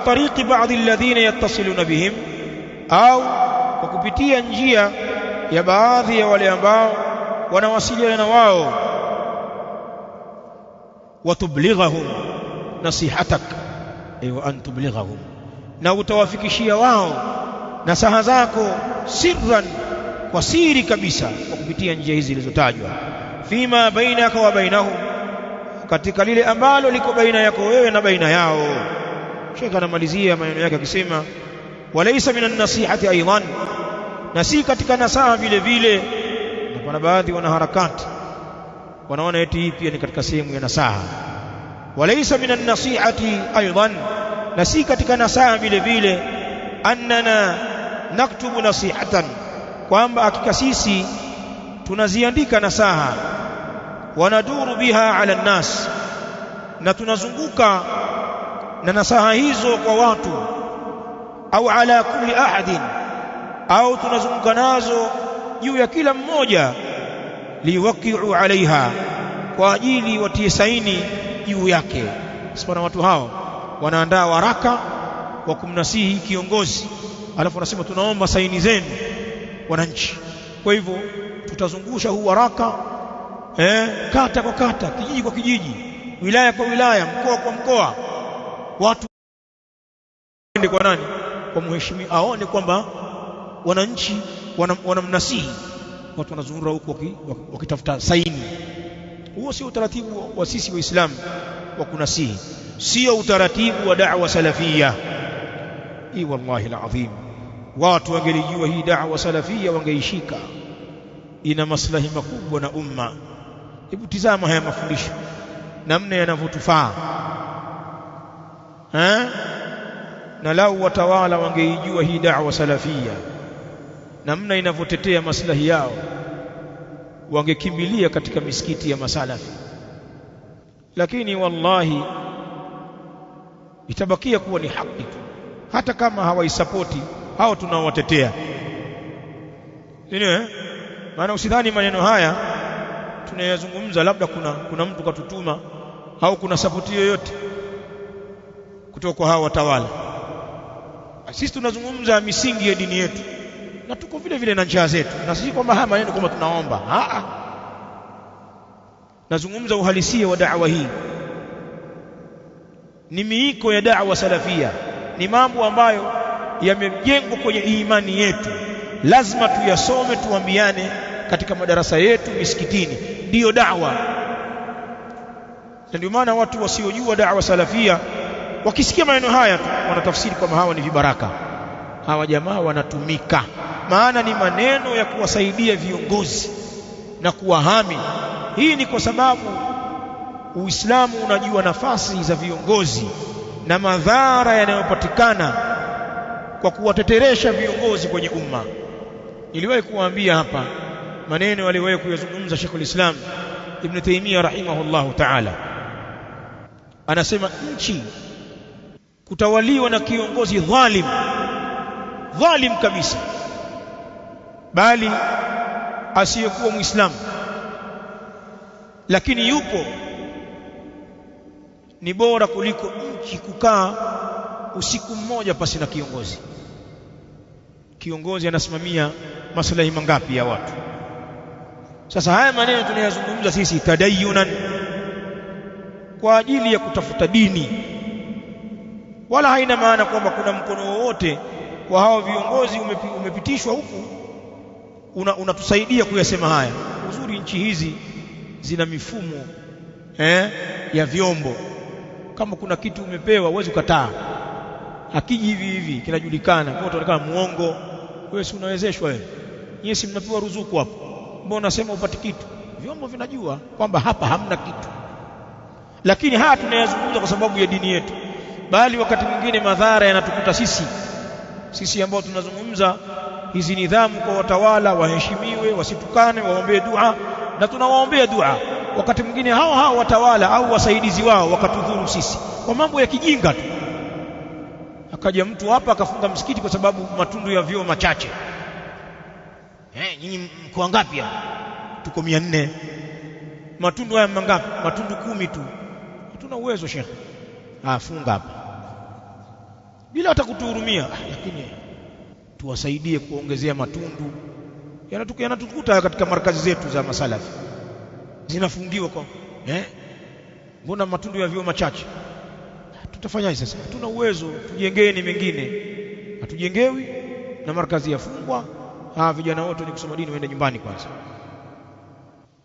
an tariqi baadhi alladhina yattasiluna bihim, au kwa kupitia njia ya baadhi ya wale ambao wanawasiliana na wao. Watublighahum nasihatak, ay wa an tublighahum, na utawafikishia wao nasaha zako sirran, kwa siri kabisa, kwa kupitia njia hizi zilizotajwa. Fima bainaka wa bainahum, katika lile ambalo liko baina yako wewe na baina yao. Sheikh anamalizia maneno yake akisema, walaisa min nasihati aidan, na si katika nasaha vile vile. kuna baadhi wanaharakati wanaona eti hii pia ni katika sehemu ya nasaha. Walaisa min nasihati aidan, na si katika nasaha vile vile. Annana naktubu nasihatan, kwamba hakika sisi tunaziandika nasaha. Wanaduru biha ala nnas, na tunazunguka na nasaha hizo kwa watu au ala kulli ahadin, au tunazunguka nazo juu ya kila mmoja, liwaqi'u alaiha, kwa ajili watie saini juu yake. Sipana, watu hao wanaandaa waraka wa kumnasihi kiongozi, alafu wanasema tunaomba saini zenu wananchi. Kwa hivyo tutazungusha huu waraka eh, kata kwa kata, kijiji kwa kijiji, wilaya kwa wilaya, mkoa kwa mkoa watu waende kwa nani? Kwa mheshimiwa, aone kwamba wananchi wanamnasihi, wana watu wanazurura huko wakitafuta saini. Huo sio utaratibu wa sisi Waislamu wa kunasihi, sio utaratibu wa da'wa salafia. Ii, wallahi alazim, watu wangelijua hii da'wa salafia wangeishika, ina maslahi makubwa na umma. Hebu tizama haya mafundisho namna yanavyotufaa na lau watawala wangeijua hii da'wa salafia namna inavyotetea maslahi yao wangekimbilia katika misikiti ya masalafi lakini wallahi itabakia kuwa ni haki tu hata kama hawaisapoti hao tunaowatetea eh maana usidhani maneno haya tunayazungumza labda kuna kuna mtu katutuma au kuna sapoti yoyote kutoka kwa hawa watawala. Sisi tunazungumza misingi ya dini yetu na tuko vile vile na njia zetu, na sisi kwamba haya maneno kwamba tunaomba a, nazungumza uhalisia wa da'wa hii. Ni miiko ya da'wa salafia, ni mambo ambayo yamejengwa kwenye imani yetu, lazima tuyasome, tuambiane katika madarasa yetu misikitini, ndiyo da'wa. Na ndio maana watu wasiojua da'wa salafia wakisikia maneno haya tu wanatafsiri kwamba hawa ni vibaraka, hawa jamaa wanatumika. Maana ni maneno ya kuwasaidia viongozi na kuwahami. Hii ni kwa sababu Uislamu unajua nafasi za viongozi na madhara yanayopatikana kwa kuwateteresha viongozi kwenye umma. Niliwahi kuwaambia hapa maneno aliyowahi kuyazungumza Sheikh Islam Ibn Taymiyyah rahimahullahu ta'ala, anasema nchi kutawaliwa na kiongozi dhalim dhalim kabisa bali asiyekuwa muislamu lakini yupo ni bora kuliko nchi kukaa usiku mmoja pasi na kiongozi kiongozi anasimamia maslahi mangapi ya watu sasa haya maneno tunayazungumza sisi tadayunan kwa ajili ya kutafuta dini wala haina maana kwamba kuna mkono wowote wa hao viongozi umepi, umepitishwa huku unatusaidia una kuyasema haya. Uzuri nchi hizi zina mifumo eh, ya vyombo. Kama kuna kitu umepewa huwezi ukataa, akiji hivi hivi kinajulikana, kwa utaonekana muongo. Wewe si unawezeshwa wewe, nyinyi si mnapewa ruzuku hapo, mbona unasema upate kitu? Vyombo vinajua kwamba hapa hamna kitu, lakini haya tunayazungumza kwa sababu ya dini yetu bali wakati mwingine madhara yanatukuta sisi sisi ambao tunazungumza hizi nidhamu kwa watawala waheshimiwe wasitukane waombee dua na tunawaombea dua wakati mwingine hao hao watawala au wasaidizi wao wakatudhuru sisi kwa mambo ya kijinga tu akaja mtu hapa akafunga msikiti kwa sababu matundu ya vyoo machache eh nyinyi mko ngapi hapa tuko 400 matundu haya mangapi matundu kumi tu hatuna uwezo shekhi afunga ah, hapa bila hata kutuhurumia lakini tuwasaidie kuongezea matundu yanatukuta katika markazi zetu za masalafi zinafungiwa kwa eh mbona matundu ya vyuo machache tutafanyaje sasa hatuna uwezo tujengeni mengine hatujengewi na markazi yafungwa ah vijana wote ni kusoma dini waende nyumbani kwanza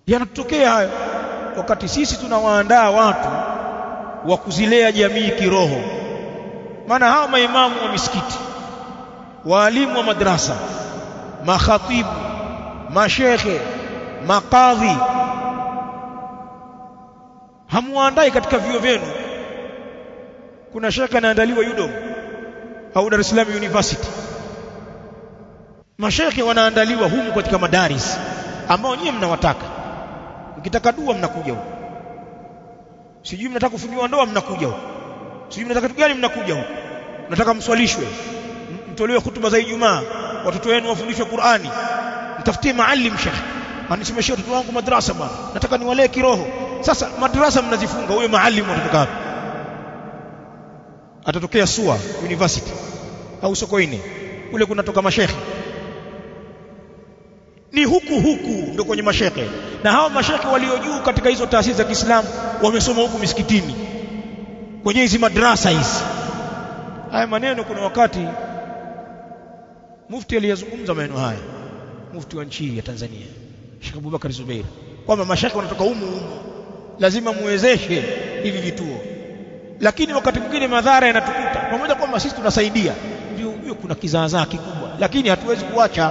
yanatokea hayo wakati sisi tunawaandaa watu wa kuzilea jamii kiroho maana hao maimamu wa misikiti waalimu wa madrasa makhatibu mashekhe makadhi hamuandai katika vyuo vyenu kuna shekhe anaandaliwa UDOM au Dar es Salaam University mashekhe wanaandaliwa humu katika madaris ambao nyinyi mnawataka mkitaka dua mnakuja huko sijui mnataka kufundiwa ndoa mnakuja huko sijui mnataka kitu gani mnakuja huku mnataka mswalishwe mtolewe hutuba za Ijumaa watoto wenu wafundishwe Qur'ani mtafutie maalim shekhi anisomeshia watoto wangu madrasa bwana nataka niwalee kiroho sasa madrasa mnazifunga huyo maalim atatoka wapi atatokea SUA university au Sokoine kule kunatoka mashekhe ni huku huku ndio kwenye mashekhe na hao mashekhe walio juu katika hizo taasisi za Kiislamu wamesoma huku misikitini kwenye hizi madrasa hizi. Haya maneno kuna wakati mufti aliyazungumza maneno haya, mufti wa nchi ya Tanzania Sheikh Abubakar Zubeir, kwamba mashaka wanatoka humu humu, lazima muwezeshe hivi vituo. Lakini wakati mwingine madhara yanatukuta, pamoja kwamba sisi tunasaidia, ndio hiyo, kuna kizaazaa kikubwa, lakini hatuwezi kuacha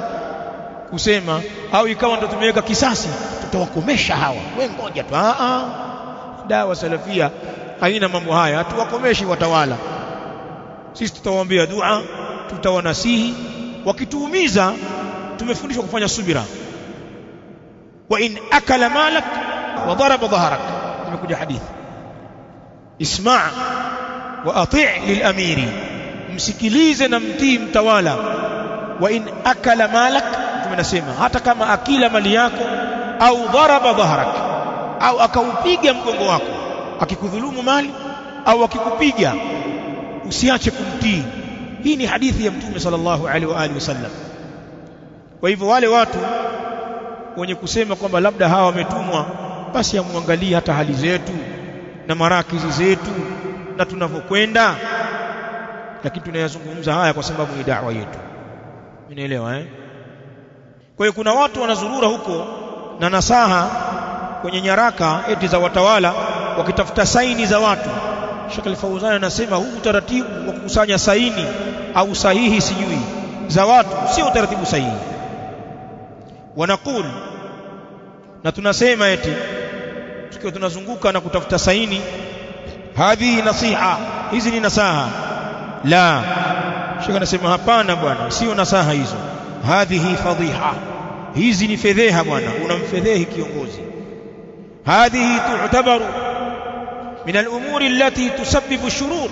kusema au ikawa ndo tumeweka kisasi, tutawakomesha hawa, we ngoja tu. dawa salafia haina mambo haya, hatuwakomeshi watawala. Sisi tutawaombea dua, tutawanasihi. Wakituumiza, tumefundishwa kufanya subira. Wa in akala malak wa daraba dhaharak, imekuja hadithi. Isma' wa ati' lilamiri, msikilize na mtii mtawala. Wa in akala malak, Mtume anasema hata kama akila mali yako, au dharaba dhaharak, au akaupiga mgongo wako akikudhulumu mali au akikupiga usiache kumtii hii ni hadithi ya mtume sallallahu alaihi wa alihi wasallam kwa hivyo wale watu wenye kusema kwamba labda hawa wametumwa basi amwangalie hata hali zetu na marakizi zetu na tunavyokwenda lakini tunayazungumza haya kwa sababu ni da'wa yetu mnaelewa eh kwa hiyo kuna watu wanazurura huko na nasaha kwenye nyaraka eti za watawala wakitafuta saini za watu. Sheikh Al-Fauzan anasema huu utaratibu wa kukusanya saini au sahihi sijui za watu sio utaratibu sahihi. Wanakul, na tunasema eti tukiwa tunazunguka na kutafuta saini, hadhihi nasiha, hizi ni nasaha. La, Sheikh anasema hapana bwana, sio nasaha hizo. Hadhihi fadhiha, hizi ni fedheha bwana, unamfedhehi kiongozi. Hadhihi tu'tabaru min alumuri allati tusabbibu shurur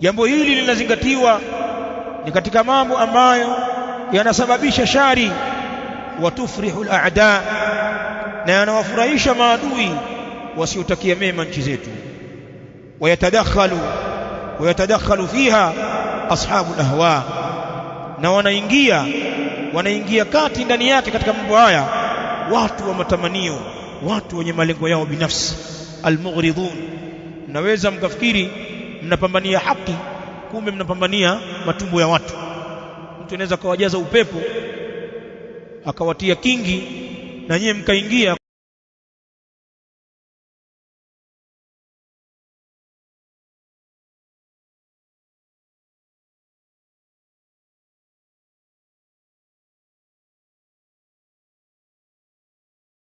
jambo hili linazingatiwa ni katika mambo ambayo yanasababisha shari wa tufrihu al-a'da na yanawafurahisha maadui wasiotakia mema nchi zetu wayatadakhalu wayatadakhalu fiha ashabu al-ahwa na wanaingia wanaingia kati ndani yake katika mambo haya watu wa matamanio watu wenye malengo yao binafsi almughridhun mnaweza mkafikiri mnapambania haki kumbe mnapambania matumbo ya watu mtu anaweza akawajaza upepo akawatia kingi na nyewe mkaingia